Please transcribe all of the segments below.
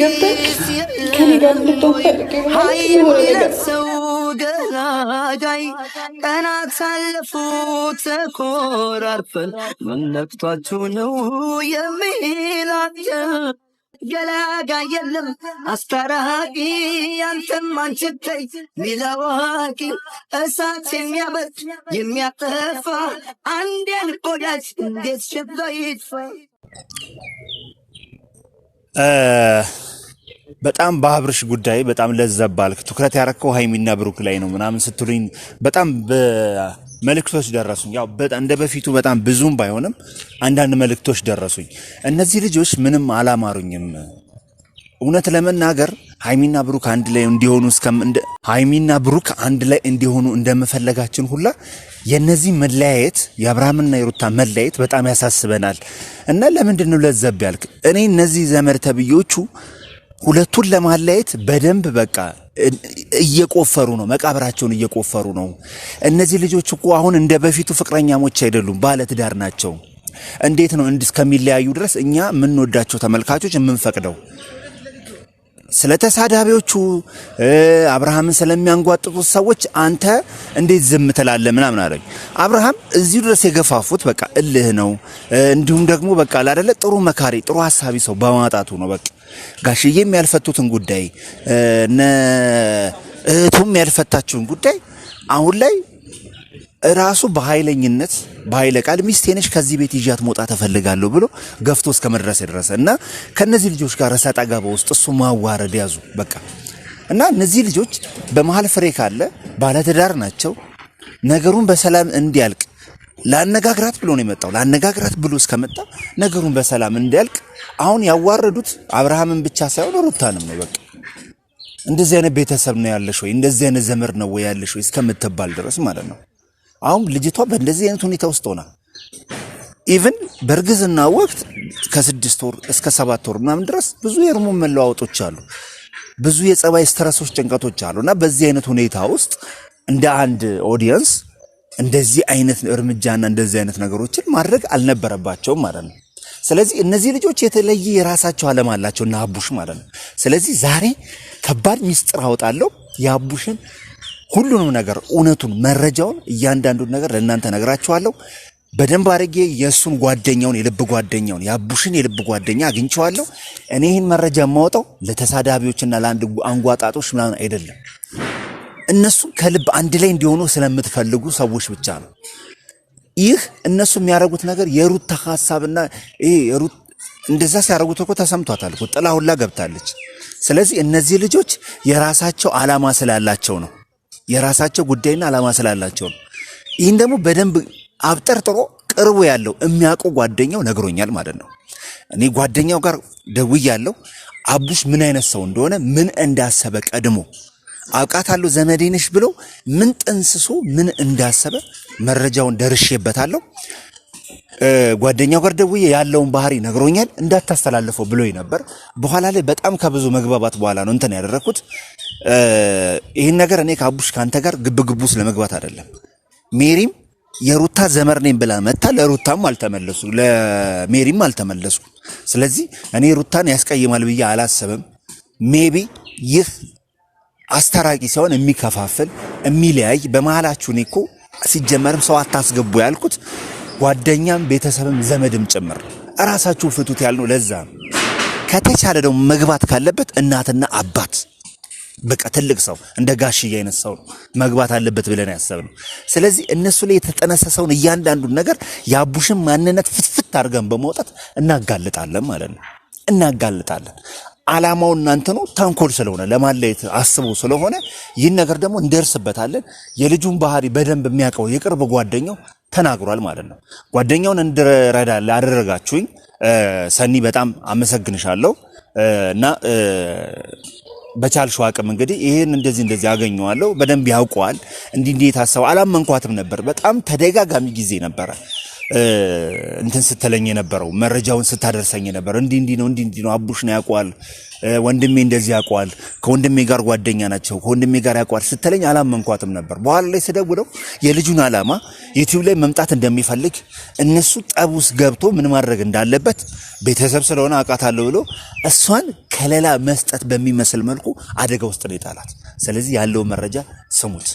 ገብተን ከኔ ጋር ሰው ገላጋይ ቀናት ሳለፉ ተኮራርፈን መነቅቷችሁ ነው የሚላቸው ገላጋይ የለም አስታራቂ ያንተም አንችተይ ሚለዋቂ እሳት የሚያበርድ የሚያጠፋ አንዴን ቆዳች እንዴት ሽበይት በጣም በአብርሽ ጉዳይ በጣም ለዘባልክ ትኩረት ያረከው ሀይሚና ብሩክ ላይ ነው ምናምን ስትሉኝ በጣም መልእክቶች ደረሱኝ። ያው እንደ በፊቱ በጣም ብዙም ባይሆንም አንዳንድ መልእክቶች ደረሱኝ። እነዚህ ልጆች ምንም አላማሩኝም። እውነት ለመናገር ሀይሚና ብሩክ አንድ ላይ እንዲሆኑ ሀይሚና ብሩክ አንድ ላይ እንዲሆኑ እንደመፈለጋችን ሁላ የነዚህ መለያየት የአብርሃምና የሩታ መለያየት በጣም ያሳስበናል እና ለምንድን ነው ለዘብ ያልክ? እኔ እነዚህ ዘመድ ተብዮቹ ሁለቱን ለማለያየት በደንብ በቃ እየቆፈሩ ነው፣ መቃብራቸውን እየቆፈሩ ነው። እነዚህ ልጆች እኮ አሁን እንደ በፊቱ ፍቅረኛሞች አይደሉም፣ ባለትዳር ናቸው። እንዴት ነው እስከሚለያዩ ድረስ እኛ የምንወዳቸው ተመልካቾች የምንፈቅደው ስለ ተሳዳቢዎቹ አብርሃምን ስለሚያንጓጥጡት ሰዎች አንተ እንዴት ዝም ትላለህ? ምናምን አለኝ። አብርሃም እዚሁ ድረስ የገፋፉት በቃ እልህ ነው። እንዲሁም ደግሞ በቃ ላደለ ጥሩ መካሪ፣ ጥሩ ሀሳቢ ሰው በማጣቱ ነው። በቃ ጋሽዬም ያልፈቱትን ጉዳይ እህቱም ያልፈታችሁን ጉዳይ አሁን ላይ ራሱ በኃይለኝነት በኃይለ ቃል ሚስቴ ነች ከዚህ ቤት ይዣት መውጣት እፈልጋለሁ ብሎ ገፍቶ እስከ መድረስ የደረሰ እና ከነዚህ ልጆች ጋር ሰጣ ገባ ውስጥ እሱ ማዋረድ ያዙ በቃ እና እነዚህ ልጆች በመሀል ፍሬ ካለ ባለትዳር ናቸው። ነገሩን በሰላም እንዲያልቅ ላነጋግራት ብሎ ነው የመጣው። ላነጋግራት ብሎ እስከመጣ ነገሩን በሰላም እንዲያልቅ አሁን ያዋረዱት አብርሃምን ብቻ ሳይሆን ሩታንም ነው። በቃ እንደዚህ አይነት ቤተሰብ ነው ያለሽ ወይ እንደዚህ አይነት ዘመድ ነው ወይ ያለሽ ወይ እስከምትባል ድረስ ማለት ነው። አሁን ልጅቷ በእንደዚህ አይነት ሁኔታ ውስጥ ሆና ኢቭን በእርግዝና ወቅት ከስድስት ወር እስከ ሰባት ወር ምናምን ድረስ ብዙ የሆርሞን መለዋወጦች አሉ፣ ብዙ የጸባይ ስትረሶች፣ ጭንቀቶች አሉ እና በዚህ አይነት ሁኔታ ውስጥ እንደ አንድ ኦዲየንስ እንደዚህ አይነት እርምጃና እንደዚህ አይነት ነገሮችን ማድረግ አልነበረባቸውም ማለት ነው። ስለዚህ እነዚህ ልጆች የተለየ የራሳቸው ዓለም አላቸው እና አቡሽ ማለት ነው። ስለዚህ ዛሬ ከባድ ሚስጥር አወጣለሁ የአቡሽን ሁሉንም ነገር እውነቱን፣ መረጃውን እያንዳንዱን ነገር ለእናንተ ነግራችኋለሁ። በደንብ አድርጌ የእሱን ጓደኛውን የልብ ጓደኛውን የአቡሽን የልብ ጓደኛ አግኝቼዋለሁ። እኔ ይህን መረጃ የማወጣው ለተሳዳቢዎችና ለአንድ አንጓጣጦች ምናምን አይደለም። እነሱን ከልብ አንድ ላይ እንዲሆኑ ስለምትፈልጉ ሰዎች ብቻ ነው። ይህ እነሱ የሚያደርጉት ነገር የሩታ ሀሳብና እንደዛ ሲያደርጉት እኮ ተሰምቷታል ጥላ ሁላ ገብታለች። ስለዚህ እነዚህ ልጆች የራሳቸው አላማ ስላላቸው ነው የራሳቸው ጉዳይና ዓላማ ስላላቸው ነው። ይህን ደግሞ በደንብ አብጠርጥሮ ቅርቡ ያለው የሚያውቀው ጓደኛው ነግሮኛል ማለት ነው። እኔ ጓደኛው ጋር ያለው አቡሽ ምን አይነት ሰው እንደሆነ ምን እንዳሰበ ቀድሞ አውቃታለሁ ዘመዴ ነሽ ብሎ ምን ጥንስሶ ምን እንዳሰበ መረጃውን ደርሼበታለሁ። ጓደኛው ጋር ደውዬ ያለውን ባህሪ ነግሮኛል፣ እንዳታስተላልፈው ብሎኝ ነበር። በኋላ ላይ በጣም ከብዙ መግባባት በኋላ ነው እንትን ያደረግኩት። ይህን ነገር እኔ ከአቡሽ ከአንተ ጋር ግብግቡ ውስጥ ለመግባት አይደለም። ሜሪም የሩታ ዘመር ነኝ ብላ መታ ለሩታም አልተመለሱ ለሜሪም አልተመለሱ። ስለዚህ እኔ ሩታን ያስቀይማል ብዬ አላሰብም። ሜቢ ይህ አስታራቂ ሲሆን የሚከፋፍል የሚለያይ በመሃላችሁ እኔ እኮ ሲጀመርም ሰው አታስገቡ ያልኩት ጓደኛም ቤተሰብም ዘመድም ጭምር እራሳችሁ ፍቱት ያልነው ለዛ ነው። ከተቻለ ደግሞ መግባት ካለበት እናትና አባት በቃ ትልቅ ሰው እንደ ጋሽ አይነት ሰው ነው መግባት አለበት ብለን ያሰብነው። ስለዚህ እነሱ ላይ የተጠነሰሰውን እያንዳንዱን ነገር የአቡሽን ማንነት ፍትፍት አድርገን በመውጣት እናጋልጣለን ማለት ነው። እናጋልጣለን አላማው እናንተ ነው። ተንኮል ስለሆነ ለማለየት አስቦ ስለሆነ ይህን ነገር ደግሞ እንደርስበታለን። የልጁን ባህሪ በደንብ የሚያውቀው የቅርብ ጓደኛው ተናግሯል ማለት ነው። ጓደኛውን እንድረዳ ላደረጋችሁኝ ሰኒ በጣም አመሰግንሻለሁ እና በቻልሽው አቅም እንግዲህ ይህን እንደዚህ እንደዚህ አገኘዋለሁ በደንብ ያውቀዋል እንዲህ እንዲህ የታሰበው አላመንኳትም ነበር። በጣም ተደጋጋሚ ጊዜ ነበረ እንትን ስተለኝ የነበረው መረጃውን ስታደርሰኝ የነበረው እንዲህ እንዲህ ነው እንዲህ እንዲህ ነው አቡሽ ነው ያውቀዋል፣ ወንድሜ እንደዚህ ያውቀዋል፣ ከወንድሜ ጋር ጓደኛ ናቸው፣ ከወንድሜ ጋር ያውቀዋል ስተለኝ አላመንኳትም ነበር። በኋላ ላይ ስደውለው የልጁን አላማ ዩቲዩብ ላይ መምጣት እንደሚፈልግ እነሱ ጠብ ውስጥ ገብቶ ምን ማድረግ እንዳለበት ቤተሰብ ስለሆነ አውቃታለሁ ብሎ እሷን ከሌላ መስጠት በሚመስል መልኩ አደጋ ውስጥ ነው የጣላት። ስለዚህ ያለው መረጃ ስሙት።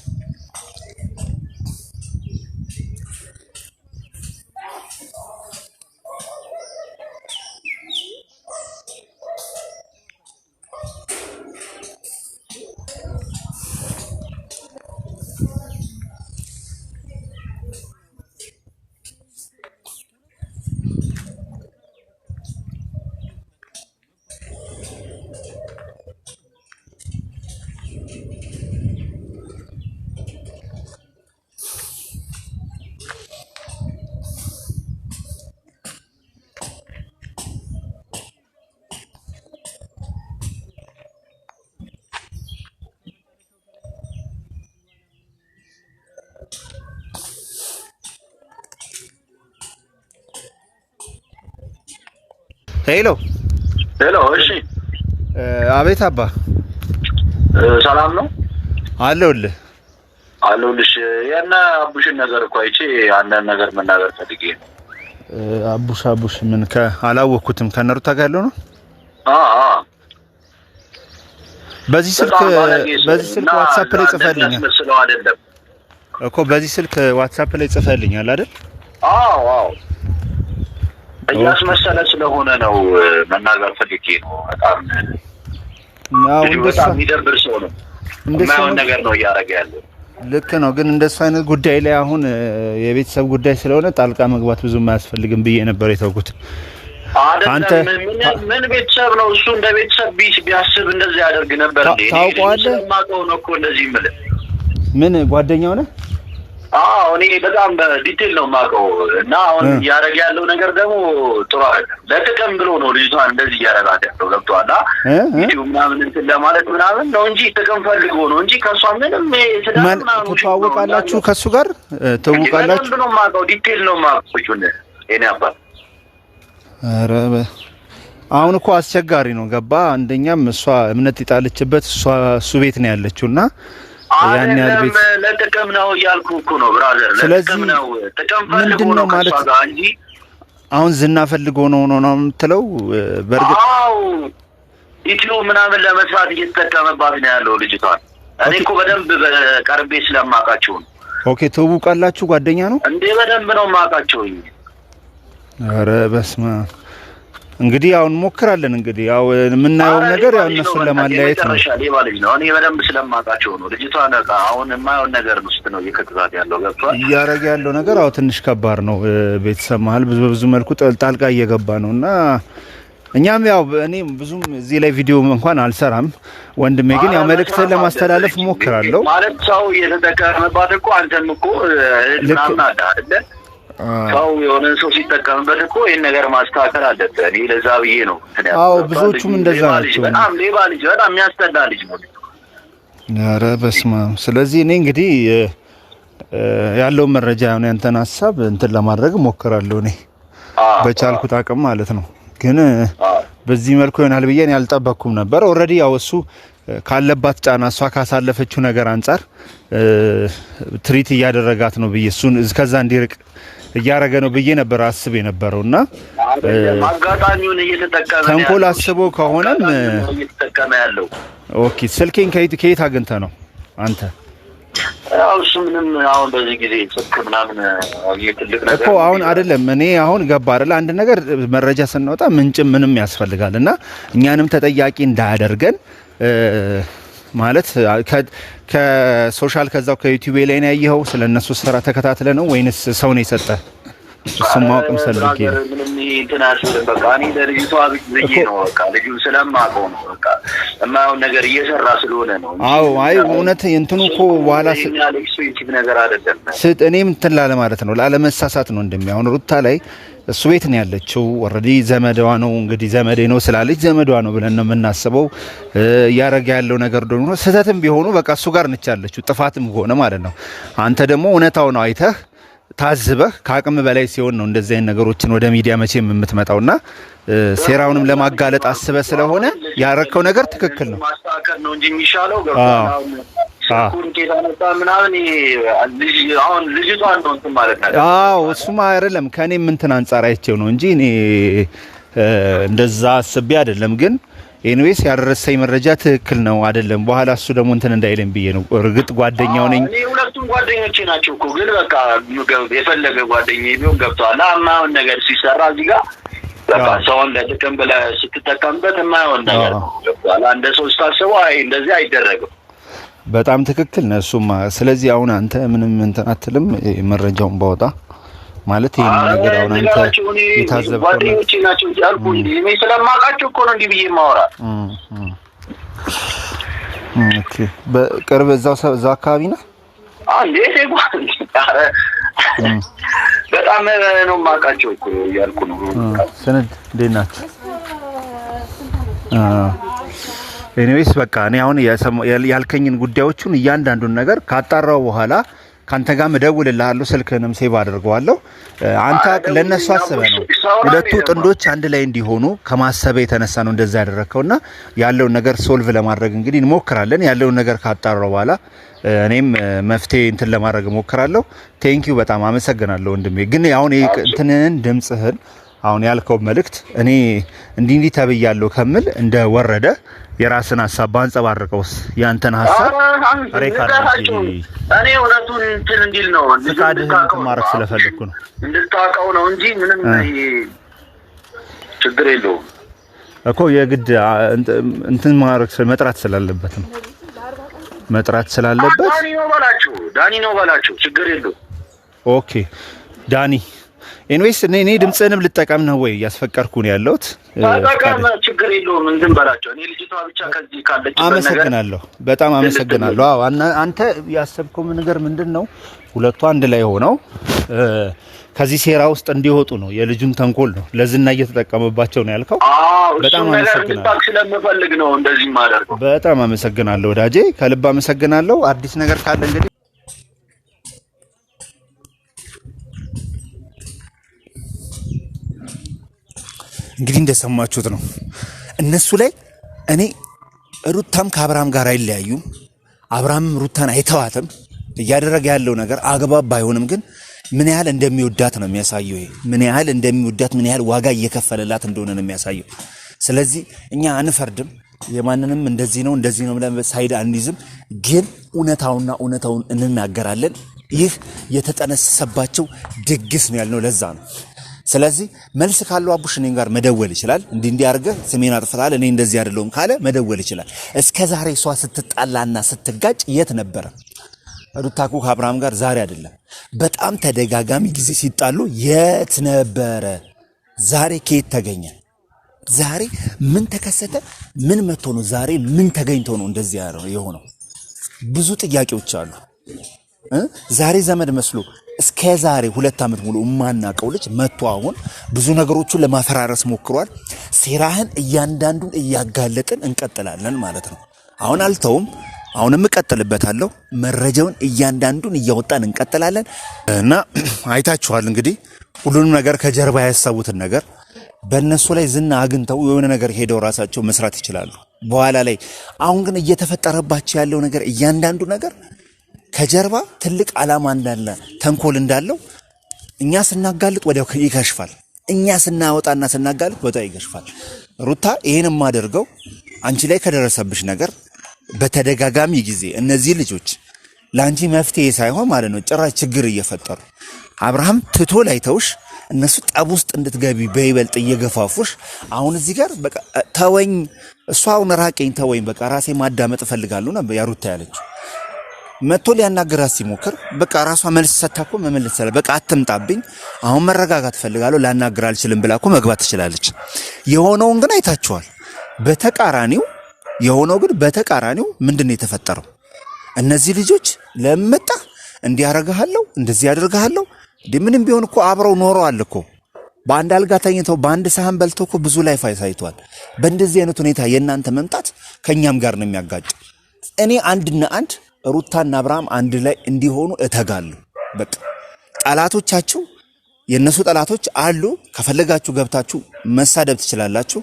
ሄሎ ሄሎ። እሺ። አቤት አባ፣ ሰላም ነው? አለሁልህ አለሁልሽ። ያና አቡሽን ነገር እኮ አይቼ አንዳንድ ነገር መናገር ፈልጌ ነው። አቡሽ አቡሽ፣ ምን አላወቅኩትም። ከነሩታ ጋር ያለው ነው? አዎ። በዚህ ስልክ በዚህ ስልክ ዋትሳፕ ላይ ጽፈልኛል እኮ በዚህ ስልክ ዋትሳፕ ላይ ጽፈልኛል አይደል? አዎ አዎ እያስመሰለ ስለሆነ ነው መናገር ፈልጌ ነው። በጣም በጣም የሚደብር ሰው ነው። የማይሆን ነገር ነው እያደረገ ያለ ልክ ነው፣ ግን እንደሱ አይነት ጉዳይ ላይ አሁን የቤተሰብ ጉዳይ ስለሆነ ጣልቃ መግባት ብዙም አያስፈልግም ብዬ ነበር የተውኩት። አንተ ምን ቤተሰብ ነው እሱ? እንደ ቤተሰብ ቢስ ቢያስብ እንደዚህ ያደርግ ነበር። ታውቀዋለህ። ማቀው ነው እኮ እንደዚህ የምልህ ምን ጓደኛው ነህ አዎ እኔ በጣም በዲቴል ነው የማውቀው እና አሁን እያደረገ ያለው ነገር ደግሞ ጥሩ አይደለም። ለጥቅም ብሎ ነው ልጅቷ እንደዚህ እያደረጋት ያለው ገብቶሃል። እንዲሁ ምናምን እንትን ለማለት ምናምን ነው እንጂ ጥቅም ፈልጎ ነው እንጂ ከእሷ ምንም ትተዋወቃላችሁ፣ ከእሱ ጋር ትውቃላችሁ ነው የማውቀው። ዲቴል ነው የማውቀው የእኔ አባት። ኧረ አሁን እኮ አስቸጋሪ ነው ገባ። አንደኛም እሷ እምነት የጣለችበት እሱ ቤት ነው ያለችው እና ያን ያህል ቤት ለጥቅም ነው እያልኩ እኮ ነው ብራዘር። ለጥቅም ነው ጥቅም ፈልጎ ነው ማለት እንጂ አሁን ዝና ፈልጎ ነው ነው ነው የምትለው? በእርግጥ አዎ፣ ዩቲዩብ ምናምን ለመስራት እየተጠቀመባት ነው ያለው ልጅቷን። እኔ እኮ በደንብ በቀርቤ ስለማውቃቸው ነው። ኦኬ፣ ትውውቃላችሁ? ጓደኛ ነው እንዴ? በደንብ ነው የማውቃቸው። ኧረ በስመ አብ እንግዲህ አሁን ሞክራለን። እንግዲህ ያው የምናየው ነገር ያው እነሱን ለማለያየት ነው። ሻሌ ማለት ነው። እኔ በደንብ ስለማውቃቸው ነው። ልጅቷ ነቃ። አሁን የማየውን ነገር ውስጥ ነው እየከተታት ያለው ገብቷል። እያደረገ ያለው ነገር አዎ ትንሽ ከባድ ነው። ቤተሰብ መሀል ብዙ በብዙ መልኩ ጣልቃ እየገባ ነው እና እኛም ያው እኔ ብዙም እዚህ ላይ ቪዲዮ እንኳን አልሰራም። ወንድሜ ግን ያው መልእክትን ለማስተላለፍ ሞክራለሁ። ማለት ሰው እየተጠቀመባት እኮ አንተም እኮ ምናምን አለ ሰው የሆነ ሰው ሲጠቀምበት እኮ ይህን ነገር ማስተካከል አለበት። እኔ ለዛ ብዬ ነው። አዎ ብዙዎቹም እንደዛ ናቸው። በጣም ሌባ ልጅ፣ በጣም የሚያስጠላ ልጅ ነው። ኧረ በስመ አብ። ስለዚህ እኔ እንግዲህ ያለውን መረጃ የሆነ ያንተን ሀሳብ እንትን ለማድረግ እሞክራለሁ እኔ በቻልኩት አቅም ማለት ነው። ግን በዚህ መልኩ ይሆናል ብዬ እኔ አልጠበቅኩም ነበር። ኦልሬዲ ያው እሱ ካለባት ጫና እሷ ካሳለፈችው ነገር አንጻር ትሪት እያደረጋት ነው ብዬ እሱን ከዛ እንዲርቅ እያረገ ነው ብዬ ነበር አስብ የነበረው እና አጋጣሚውን እየተጠቀመ ተንኮል አስቦ ከሆነም እየተጠቀመ ያለው ኦኬ። ስልኬን ከየት አግኝተህ ነው አንተ? ያው እሱ ምንም አሁን በዚህ ጊዜ ስልክ ምናምን ትልቅ ነገር እኮ አሁን አይደለም። እኔ አሁን ገባ አይደል አንድ ነገር መረጃ ስናወጣ ምንጭም ምንም ያስፈልጋል እና እኛንም ተጠያቂ እንዳያደርገን ማለት ከሶሻል ከዛው ከዩቲዩብ ላይ ነው ያየኸው? ስለ እነሱ ስራ ተከታትለ ነው ወይንስ ሰው ነው የሰጠ? እሱም ማወቅም ሰልክ ምንም እንትን አልችልም። በቃ እኔ ለልጅቷ ብዬ ነው በቃ ልጁ ስለማውቀው ነው በቃ የማየውን ነገር እየሰራ ስለሆነ ነው። አዎ፣ አይ እውነት እንትኑ እኮ በኋላ ነገር አይደለም ስጥ እኔም እንትን ላለ ማለት ነው ላለመሳሳት ነው እንደሚያሁን ሩታ ላይ እሱ ቤት ነው ያለችው። ኦልሬዲ ዘመዷ ነው እንግዲህ ዘመዴ ነው ስላለች ዘመዷ ነው ብለን ነው የምናስበው። እያረገ ያለው ነገር ደግሞ ስህተትም ቢሆኑ በቃ እሱ ጋር ነች ያለችው፣ ጥፋትም ሆነ ማለት ነው። አንተ ደግሞ እውነታው ነው አይተህ ታዝበህ ከአቅም በላይ ሲሆን ነው እንደዚህ አይነት ነገሮችን ወደ ሚዲያ መቼም የምትመጣውና ሴራውንም ለማጋለጥ አስበህ ስለሆነ ያረከው ነገር ትክክል ነው። ነው እንጂ የሚሻለው ስልኩን ጌታ ምናምን አሁን ልጅቷን ነው እንትን ማለት ናት። እሱማ አይደለም ከእኔም ምንትን አንጻር አይቼው ነው እንጂ እኔ እንደዛ አስቤ አይደለም። ግን ኤንዌስ ያደረሰኝ መረጃ ትክክል ነው አይደለም። በኋላ እሱ ደግሞ እንትን እንዳይለኝ ብዬ ነው። እርግጥ ጓደኛው ነኝ። ሁለቱም ጓደኞቼ ናቸው እኮ። ግን በቃ የፈለገ ጓደኛ ቢሆን ገብተዋል። አማሁን ነገር ሲሰራ እዚህ ጋር በቃ ሰውን ለጥቅም ብለህ ስትጠቀምበት የማይሆን ነገር ገብተዋል። እንደ ሰው ስታስበው አይ እንደዚህ አይደረግም በጣም ትክክል ነው። እሱማ ስለዚህ አሁን አንተ ምንም እንትን አትልም። መረጃውን ባወጣ ማለት ይሄን ነገር አሁን አንተ የታዘብከው ናቸው ያልኩ እኔ ስለማውቃቸው እኮ ነው እንዲህ ብዬ ማወራ። ኦኬ በቅርብ እዛው እዛው አካባቢ ነህ አንዴ ሄጓ በጣም ነው የማውቃቸው እኮ ያልኩ ነው። ስንድ እንዴት ናቸው? ኤኒዌይስ በቃ እኔ አሁን ያልከኝን ጉዳዮቹን እያንዳንዱን ነገር ካጣራው በኋላ ከአንተ ጋር እደውልልሃለሁ። ስልክህንም ሴቭ አድርገዋለሁ። አንተ ለእነሱ አስበ ነው። ሁለቱ ጥንዶች አንድ ላይ እንዲሆኑ ከማሰበ የተነሳ ነው እንደዛ ያደረግከው ያደረግከውና ያለውን ነገር ሶልቭ ለማድረግ እንግዲህ እንሞክራለን። ያለውን ነገር ካጣራው በኋላ እኔም መፍትሄ እንትን ለማድረግ እሞክራለሁ። ቴንኪዩ፣ በጣም አመሰግናለሁ ወንድሜ። ግን አሁን እንትንን ድምጽህን አሁን ያልከው መልእክት እኔ እንዲህ እንዲህ ተብያለሁ ከምል እንደወረደ የራስን ሀሳብ ባንጸባርቀውስ ያንተን ሀሳብ ሬካርድ እኔ እውነቱን እንትን እንዲል ነው ፍቃድህን ማድረግ ስለፈለግኩ ነው እንድታውቀው ነው እንጂ ምንም ችግር የለውም እኮ የግድ እንትን ማድረግ መጥራት ስላለበት ነው መጥራት ስላለበት ዳኒ ነው በላችሁ ዳኒ ነው በላችሁ ችግር የለውም ኦኬ ዳኒ ኢንዌስ እኔ እኔ ድምፅህንም ልጠቀም ነው ወይ እያስፈቀድኩ ነው ያለሁት። በጣም ችግር የለውም እንትን በላቸው። እኔ ልጅቷ ብቻ ከዚህ ካለች ነገር አመሰግናለሁ፣ በጣም አመሰግናለሁ። አዎ አንተ ያሰብከው ነገር ምንድን ነው? ሁለቱ አንድ ላይ ሆነው ከዚህ ሴራ ውስጥ እንዲወጡ ነው። የልጁን ተንኮል ነው ለዝና እየተጠቀመባቸው ነው ያልከው። በጣም አመሰግናለሁ ስለምፈልግ ነው እንደዚህ ማደርገው። በጣም አመሰግናለሁ ወዳጄ፣ ከልብ አመሰግናለሁ። አዲስ ነገር ካለ እንግዲህ እንግዲህ እንደሰማችሁት ነው። እነሱ ላይ እኔ ሩታም ከአብርሃም ጋር አይለያዩም፣ አብርሃምም ሩታን አይተዋትም። እያደረገ ያለው ነገር አግባብ ባይሆንም ግን ምን ያህል እንደሚወዳት ነው የሚያሳየው። ምን ያህል እንደሚወዳት ምን ያህል ዋጋ እየከፈለላት እንደሆነ ነው የሚያሳየው። ስለዚህ እኛ አንፈርድም፣ የማንንም እንደዚህ ነው እንደዚህ ነው ብለን ሳይድ አንይዝም። ግን እውነታውና እውነታውን እንናገራለን። ይህ የተጠነሰሰባቸው ድግስ ነው ያልነው ለዛ ነው። ስለዚህ መልስ ካለው አቡሽ እኔን ጋር መደወል ይችላል። እንዲህ እንዲህ አድርገህ ስሜን አጥፍታል፣ እኔ እንደዚህ አይደለሁም ካለ መደወል ይችላል። እስከ ዛሬ እሷ ስትጣላና ስትጋጭ የት ነበረ? ሩታኮ ከአብርሃም ጋር ዛሬ አይደለም፣ በጣም ተደጋጋሚ ጊዜ ሲጣሉ የት ነበረ? ዛሬ ከየት ተገኘ? ዛሬ ምን ተከሰተ? ምን መጥቶ ነው? ዛሬ ምን ተገኝቶ ነው እንደዚህ የሆነው? ብዙ ጥያቄዎች አሉ። ዛሬ ዘመድ መስሎ እስከ ዛሬ ሁለት ዓመት ሙሉ የማናውቀው ልጅ መጥቶ አሁን ብዙ ነገሮቹን ለማፈራረስ ሞክሯል። ሴራህን እያንዳንዱን እያጋለጥን እንቀጥላለን ማለት ነው። አሁን አልተውም። አሁንም እቀጥልበታለሁ። መረጃውን እያንዳንዱን እያወጣን እንቀጥላለን እና አይታችኋል እንግዲህ ሁሉንም ነገር ከጀርባ ያሰቡትን ነገር በእነሱ ላይ ዝና አግኝተው የሆነ ነገር ሄደው ራሳቸው መስራት ይችላሉ በኋላ ላይ። አሁን ግን እየተፈጠረባቸው ያለው ነገር እያንዳንዱ ነገር ከጀርባ ትልቅ ዓላማ እንዳለ ተንኮል እንዳለው እኛ ስናጋልጥ ወዲያው ይከሽፋል። እኛ ስናወጣና ስናጋልጥ ወዲያው ይከሽፋል። ሩታ ይህን የማደርገው አንቺ ላይ ከደረሰብሽ ነገር በተደጋጋሚ ጊዜ እነዚህ ልጆች ለአንቺ መፍትሄ ሳይሆን ማለት ነው ጭራሽ ችግር እየፈጠሩ አብርሃም ትቶ ላይተውሽ እነሱ ጠብ ውስጥ እንድትገቢ በይበልጥ እየገፋፉሽ፣ አሁን እዚህ ጋር ተወኝ፣ እሷ አሁን ራቀኝ፣ ተወኝ፣ በቃ ራሴ ማዳመጥ እፈልጋለሁ ነበር ያሩታ ያለችው። መቶ ሊያናግራት ሲሞክር በቃ ራሷ መልስ ሰታኮ መመለስ ይችላል። በቃ አትምጣብኝ፣ አሁን መረጋጋት ፈልጋለሁ፣ ላናግር አልችልም ብላኮ መግባት ትችላለች። የሆነውን ግን አይታችኋል። በተቃራኒው የሆነው ግን በተቃራኒው ምንድን ነው የተፈጠረው? እነዚህ ልጆች ለምጣ እንዲያረጋሃለሁ እንደዚህ ያደርጋሃለሁ ምንም ቢሆን እኮ አብረው ኖረዋል እኮ በአንድ አልጋ ተኝተው በአንድ ሳህን በልተው እኮ ብዙ ላይፍ አሳይተዋል። በእንደዚህ አይነት ሁኔታ የእናንተ መምጣት ከእኛም ጋር ነው የሚያጋጭ። እኔ አንድና አንድ ሩታና አብርሃም አንድ ላይ እንዲሆኑ እተጋሉ። በቃ ጠላቶቻችሁ የእነሱ ጠላቶች አሉ። ከፈለጋችሁ ገብታችሁ መሳደብ ትችላላችሁ።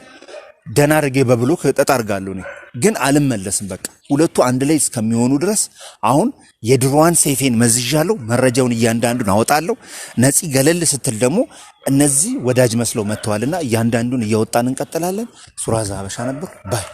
ደና አድርጌ በብሎክ እጠጥ እኔ ግን አልመለስም። በቃ ሁለቱ አንድ ላይ እስከሚሆኑ ድረስ አሁን የድሮዋን ሴፌን መዝዣለሁ። መረጃውን እያንዳንዱን አወጣለሁ። ነፂ ገለል ስትል ደግሞ እነዚህ ወዳጅ መስለው መጥተዋልና እያንዳንዱን እያወጣን እንቀጥላለን። ሱራዛ ሀበሻ ነበር ባይ